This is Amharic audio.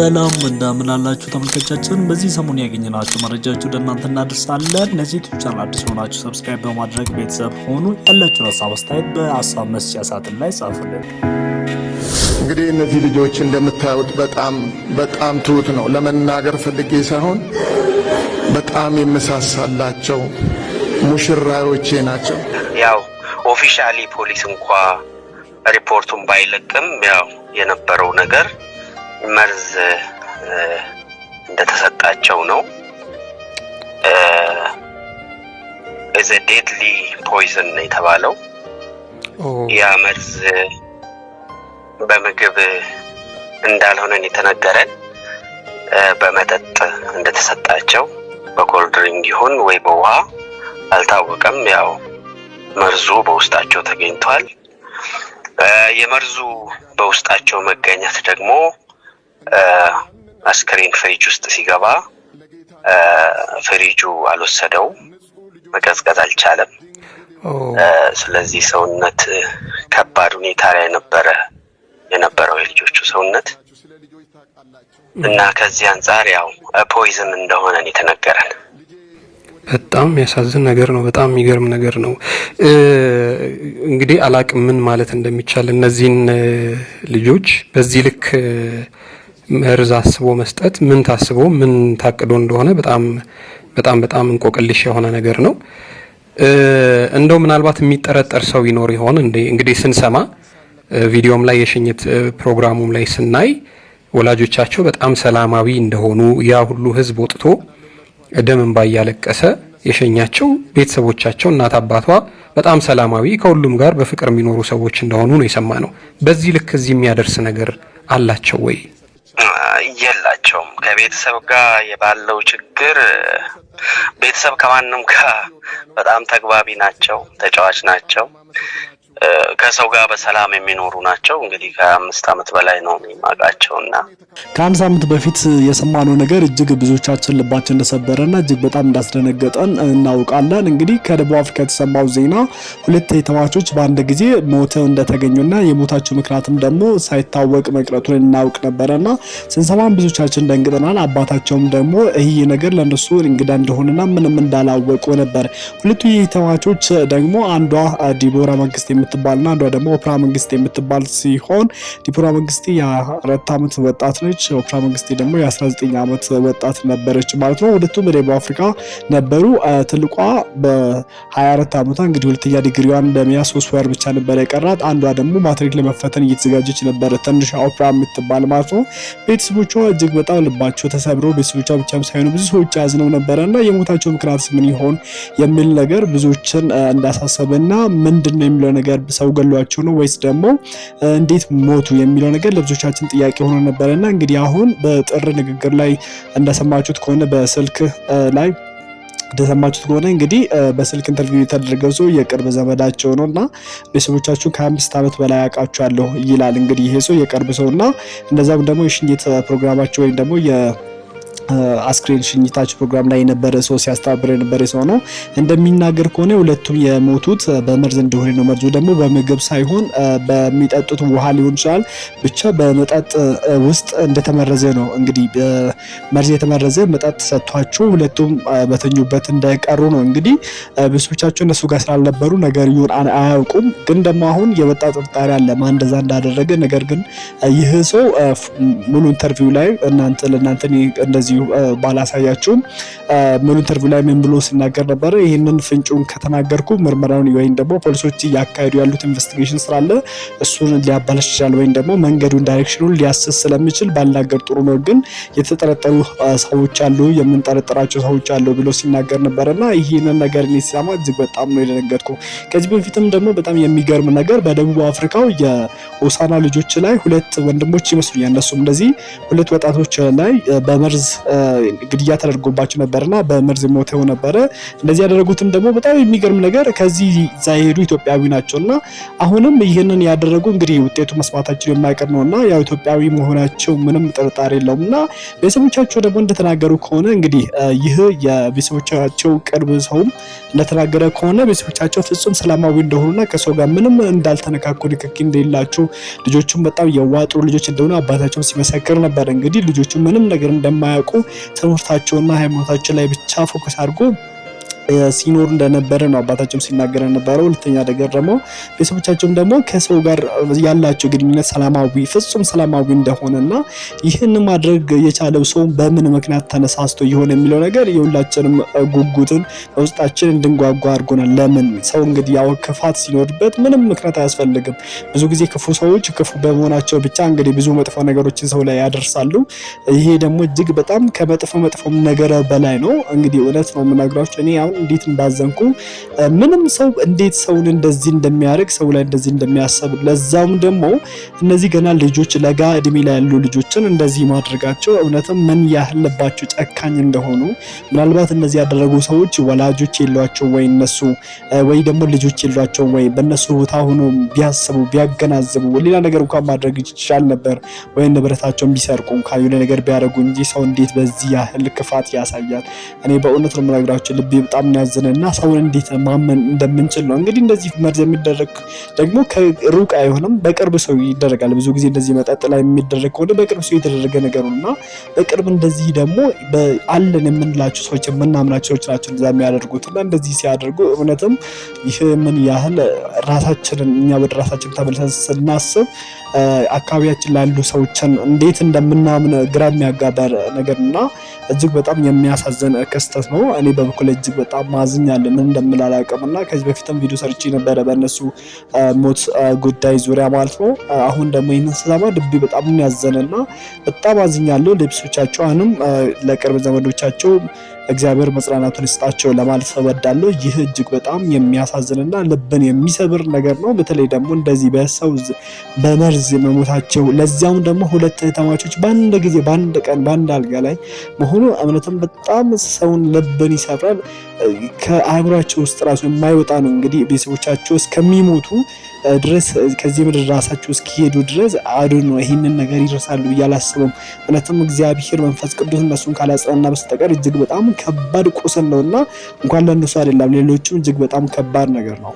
ሰላም እንደምን አላችሁ ተመልካቾቻችን። በዚህ ሰሞን ያገኘናችሁ መረጃዎች ወደ እናንተ እናደርሳለን። ለዚህ ዩቲዩብ ቻናል አዲስ ሆናችሁ ሰብስክራይብ በማድረግ ቤተሰብ ሆኑ። ያላችሁ ሀሳብ አስተያየት በሀሳብ መስጫ ሳጥን ላይ ጻፉልን። እንግዲህ እነዚህ ልጆች እንደምታዩት በጣም በጣም ትሁት ነው። ለመናገር ፈልጌ ሳይሆን በጣም የመሳሳላቸው ሙሽራዮቼ ናቸው። ያው ኦፊሻሊ ፖሊስ እንኳ ሪፖርቱን ባይለቅም ያው የነበረው ነገር መርዝ እንደተሰጣቸው ነው። ዘ ዴድሊ ፖይዝን ነው የተባለው። ያ መርዝ በምግብ እንዳልሆነን የተነገረን በመጠጥ እንደተሰጣቸው በኮልድሪንግ ይሁን ወይ በውሃ አልታወቀም። ያው መርዙ በውስጣቸው ተገኝቷል። የመርዙ በውስጣቸው መገኘት ደግሞ አስክሬን ፍሪጅ ውስጥ ሲገባ ፍሪጁ አልወሰደውም፣ መቀዝቀዝ አልቻለም። ስለዚህ ሰውነት ከባድ ሁኔታ ላይ ነበረ የነበረው የልጆቹ ሰውነት እና ከዚህ አንጻር ያው ፖይዝን እንደሆነን የተነገረን በጣም የሚያሳዝን ነገር ነው። በጣም የሚገርም ነገር ነው። እንግዲህ አላቅም ምን ማለት እንደሚቻል እነዚህን ልጆች በዚህ ልክ መርዝ አስቦ መስጠት ምን ታስቦ ምን ታቅዶ እንደሆነ በጣም በጣም በጣም እንቆቅልሽ የሆነ ነገር ነው። እንደው ምናልባት የሚጠረጠር ሰው ይኖር ይሆን እንግዲህ ስንሰማ ቪዲዮም ላይ የሽኝት ፕሮግራሙም ላይ ስናይ ወላጆቻቸው በጣም ሰላማዊ እንደሆኑ ያ ሁሉ ሕዝብ ወጥቶ ደም እንባ እያለቀሰ የሸኛቸው ቤተሰቦቻቸው እናት አባቷ በጣም ሰላማዊ ከሁሉም ጋር በፍቅር የሚኖሩ ሰዎች እንደሆኑ ነው የሰማ ነው። በዚህ ልክ እዚህ የሚያደርስ ነገር አላቸው ወይ? የላቸውም። ከቤተሰብ ጋር የባለው ችግር ቤተሰብ ከማንም ጋር በጣም ተግባቢ ናቸው፣ ተጫዋች ናቸው። ከሰው ጋር በሰላም የሚኖሩ ናቸው። እንግዲህ ከአምስት ዓመት በላይ ነው የማውቃቸው እና ከአምስት ሳምንት በፊት የሰማነው ነገር እጅግ ብዙዎቻችን ልባችን እንደሰበረና እጅግ በጣም እንዳስደነገጠን እናውቃለን። እንግዲህ ከደቡብ አፍሪካ የተሰማው ዜና ሁለት የተማቾች በአንድ ጊዜ ሞተው እንደተገኙና የሞታቸው ምክንያትም ደግሞ ሳይታወቅ መቅረቱን እናውቅ ነበረና ስንሰማን ብዙዎቻችን ደንግጠናል። አባታቸውም ደግሞ ይህ ነገር ለእነሱ እንግዳ እንደሆነና ምንም እንዳላወቁ ነበር። ሁለቱ የተማቾች ደግሞ አንዷ ዲቦራ መንግስት የምት የምትባልና አንዷ ደግሞ ኦፕራ መንግስቴ የምትባል ሲሆን ዲቦራ መንግስቴ የአራት ዓመት ወጣት ነች። ኦፕራ መንግስቴ ደግሞ የ19 ዓመት ወጣት ነበረች ማለት ነው። ሁለቱም በደቡብ አፍሪካ ነበሩ። ትልቋ በ24 ዓመቷ እንግዲህ ሁለተኛ ዲግሪዋን በሚያ ሶስት ወር ብቻ ነበረ የቀራት። አንዷ ደግሞ ማትሪክ ለመፈተን እየተዘጋጀች ነበረ ትንሽ ኦፕራ የምትባል ማለት ነው። ቤተሰቦቿ እጅግ በጣም ልባቸው ተሰብሮ ቤተሰቦቿ ብቻ ሳይሆኑ ብዙ ሰዎች ያዝነው ነበረና የሞታቸው ምክንያት ምን ይሆን የሚል ነገር ብዙዎችን እንዳሳሰበና ምንድን ነው የሚለው ነገር ሰው ገሏቸው ነው ወይስ ደግሞ እንዴት ሞቱ የሚለው ነገር ለብዙዎቻችን ጥያቄ ሆኖ ነበረና እንግዲህ አሁን በጥር ንግግር ላይ እንደሰማችሁት ከሆነ በስልክ ላይ እንደሰማችሁት ከሆነ እንግዲህ በስልክ ኢንተርቪው የተደረገው ሰው የቅርብ ዘመዳቸው ነው እና ቤተሰቦቻችሁን ከአምስት ዓመት በላይ አውቃችኋለሁ ይላል። እንግዲህ ይሄ ሰው የቅርብ ሰው እና እንደዛም ደግሞ የሽኝት ፕሮግራማቸው ወይም ደግሞ አስክሬን ሽኝታች ፕሮግራም ላይ የነበረ ሰው ሲያስተባብር የነበረ ሰው ነው። እንደሚናገር ከሆነ ሁለቱም የሞቱት በመርዝ እንደሆነ ነው። መርዙ ደግሞ በምግብ ሳይሆን በሚጠጡት ውሃ ሊሆን ይችላል። ብቻ በመጠጥ ውስጥ እንደተመረዘ ነው። እንግዲህ መርዝ የተመረዘ መጠጥ ሰጥቷቸው ሁለቱም በተኙበት እንዳይቀሩ ነው። እንግዲህ ብሶቻቸው እነሱ ጋር ስላልነበሩ ነገርየውን አያውቁም። ግን ደግሞ አሁን የወጣ ጥርጣሬ አለ ማን እንደዛ እንዳደረገ። ነገር ግን ይህ ሰው ሙሉ ኢንተርቪው ላይ እናንተ ለእናንተ እንደዚሁ ባላሳያችሁም ምን ኢንተርቪው ላይ ምን ብሎ ሲናገር ነበረ። ይህንን ፍንጩን ከተናገርኩ ምርመራውን ወይም ደግሞ ፖሊሶች እያካሄዱ ያሉት ኢንቨስቲጌሽን ስላለ እሱን ሊያባለሽ ይችላል ወይም ደግሞ መንገዱን ዳይሬክሽኑን ሊያስስ ስለሚችል ባልናገር ጥሩ ነው፣ ግን የተጠረጠሩ ሰዎች አሉ፣ የምንጠረጠራቸው ሰዎች አሉ ብሎ ሲናገር እና ይህንን ነገር እኔ ሲሰማ እጅግ በጣም ነው የደነገጥኩ። ከዚህ በፊትም ደግሞ በጣም የሚገርም ነገር በደቡብ አፍሪካው የሆሳና ልጆች ላይ ሁለት ወንድሞች ይመስሉኛል እነሱም እንደዚህ ሁለት ወጣቶች ላይ በመርዝ ግድያ ተደርጎባቸው ነበርና በመርዝ ሞተው ነበረ። እንደዚህ ያደረጉትም ደግሞ በጣም የሚገርም ነገር ከዚህ ዛሄዱ ኢትዮጵያዊ ኢትዮጵያዊ እና አሁንም ይህንን ያደረጉ እንግዲህ ውጤቱ መስማታችን የማይቀር ነውና ያው ኢትዮጵያዊ መሆናቸው ምንም ጥርጣር የለውም። እና ቤተሰቦቻቸው ደግሞ እንደተናገሩ ከሆነ እንግዲህ ይህ የቤተሰቦቻቸው ቅርብ ሰውም እንደተናገረ ከሆነ ቤተሰቦቻቸው ፍጹም ሰላማዊ እንደሆኑና ከሰው ጋር ምንም እንዳልተነካኩ ንክኪ እንደሌላቸው ልጆቹም በጣም የዋጥሩ ልጆች እንደሆኑ አባታቸው ሲመሰክር ነበር። እንግዲህ ልጆቹ ምንም ነገር እንደማያውቁ ትምህርታቸውና ሃይማኖታቸው ላይ ብቻ ፎከስ አድርጎ ሲኖር እንደነበረ ነው አባታችን ሲናገር የነበረው። ሁለተኛ ነገር ደግሞ ቤተሰቦቻቸውም ደግሞ ከሰው ጋር ያላቸው ግንኙነት ሰላማዊ፣ ፍጹም ሰላማዊ እንደሆነና ይህን ማድረግ የቻለው ሰው በምን ምክንያት ተነሳስቶ ይሆን የሚለው ነገር የሁላችንም ጉጉትን በውስጣችን እንድንጓጓ አድርጎናል። ለምን ሰው እንግዲህ ያው ክፋት ሲኖርበት ምንም ምክንያት አያስፈልግም። ብዙ ጊዜ ክፉ ሰዎች ክፉ በመሆናቸው ብቻ እንግዲህ ብዙ መጥፎ ነገሮችን ሰው ላይ ያደርሳሉ። ይሄ ደግሞ እጅግ በጣም ከመጥፎ መጥፎም ነገር በላይ ነው። እንግዲህ እውነት ነው የምናግራቸው እኔ አሁን እንዴት እንዳዘንኩ ምንም ሰው እንዴት ሰውን እንደዚህ እንደሚያደርግ ሰው ላይ እንደዚህ እንደሚያሰብ ለዛውም ደግሞ እነዚህ ገና ልጆች ለጋ እድሜ ላይ ያሉ ልጆችን እንደዚህ ማድረጋቸው እውነትም ምን ያህልባቸው ጨካኝ እንደሆኑ ምናልባት እነዚህ ያደረጉ ሰዎች ወላጆች የሏቸው ወይ እነሱ ወይ ደግሞ ልጆች የሏቸው ወይ በእነሱ ቦታ ሆኖ ቢያስቡ ቢያገናዝቡ ሌላ ነገር እንኳን ማድረግ ይችላል ነበር ወይ ንብረታቸውን ቢሰርቁ እንኳን የሆነ ነገር ቢያደርጉ እንጂ ሰው እንዴት በዚህ ያህል ክፋት ያሳያል? እኔ በእውነት ነው የምነግራቸው ልቤ በጣም እና ሰውን እንዴት ማመን እንደምንችል ነው። እንግዲህ እንደዚህ መርዝ የሚደረግ ደግሞ ከሩቅ አይሆንም፣ በቅርብ ሰው ይደረጋል። ብዙ ጊዜ እንደዚህ መጠጥ ላይ የሚደረግ ከሆነ በቅርብ ሰው የተደረገ ነገር እና በቅርብ እንደዚህ ደግሞ አለን የምንላቸው ሰዎች የምናምናቸው ሰዎች ናቸው እዛ የሚያደርጉት እና እንደዚህ ሲያደርጉ እውነትም ይህ ምን ያህል ራሳችንን እኛ ወደ ራሳችን ተመልሰን ስናስብ አካባቢያችን ላሉ ሰዎችን እንዴት እንደምናምን ግራ የሚያጋባ ነገር እና እጅግ በጣም የሚያሳዝን ክስተት ነው። እኔ በበኩል እጅግ በጣም በጣም ማዝኛለሁ። ምን እንደምል አላውቅም። እና ከዚህ በፊትም ቪዲዮ ሰርቼ ነበረ በእነሱ ሞት ጉዳይ ዙሪያ ማለት ነው። አሁን ደግሞ ይህንን ስሰማ ልቤ በጣም ያዘነ እና በጣም አዝኛለሁ። ልብሶቻቸው አሁንም ለቅርብ ዘመዶቻቸው እግዚአብሔር መጽናናቱን ይስጣቸው ለማለት እወዳለሁ። ይህ እጅግ በጣም የሚያሳዝንና ልብን የሚሰብር ነገር ነው። በተለይ ደግሞ እንደዚህ በሰው በመርዝ መሞታቸው ለዚያም ደግሞ ሁለት እህትማማቾች በአንድ ጊዜ በአንድ ቀን በአንድ አልጋ ላይ መሆኑ እምነትም በጣም ሰውን ልብን ይሰብራል። ከአእምሯቸው ውስጥ ራሱ የማይወጣ ነው። እንግዲህ ቤተሰቦቻቸው እስከሚሞቱ ድረስ ከዚህ ምድር ራሳቸው እስኪሄዱ ድረስ አዶ ነው ይህንን ነገር ይረሳሉ ብዬ አላስብም። እውነትም እግዚአብሔር መንፈስ ቅዱስ እነሱን ካላጽናና በስተቀር እጅግ በጣም ከባድ ቁስል ነው እና እንኳን ለእነሱ አይደለም ሌሎችም እጅግ በጣም ከባድ ነገር ነው።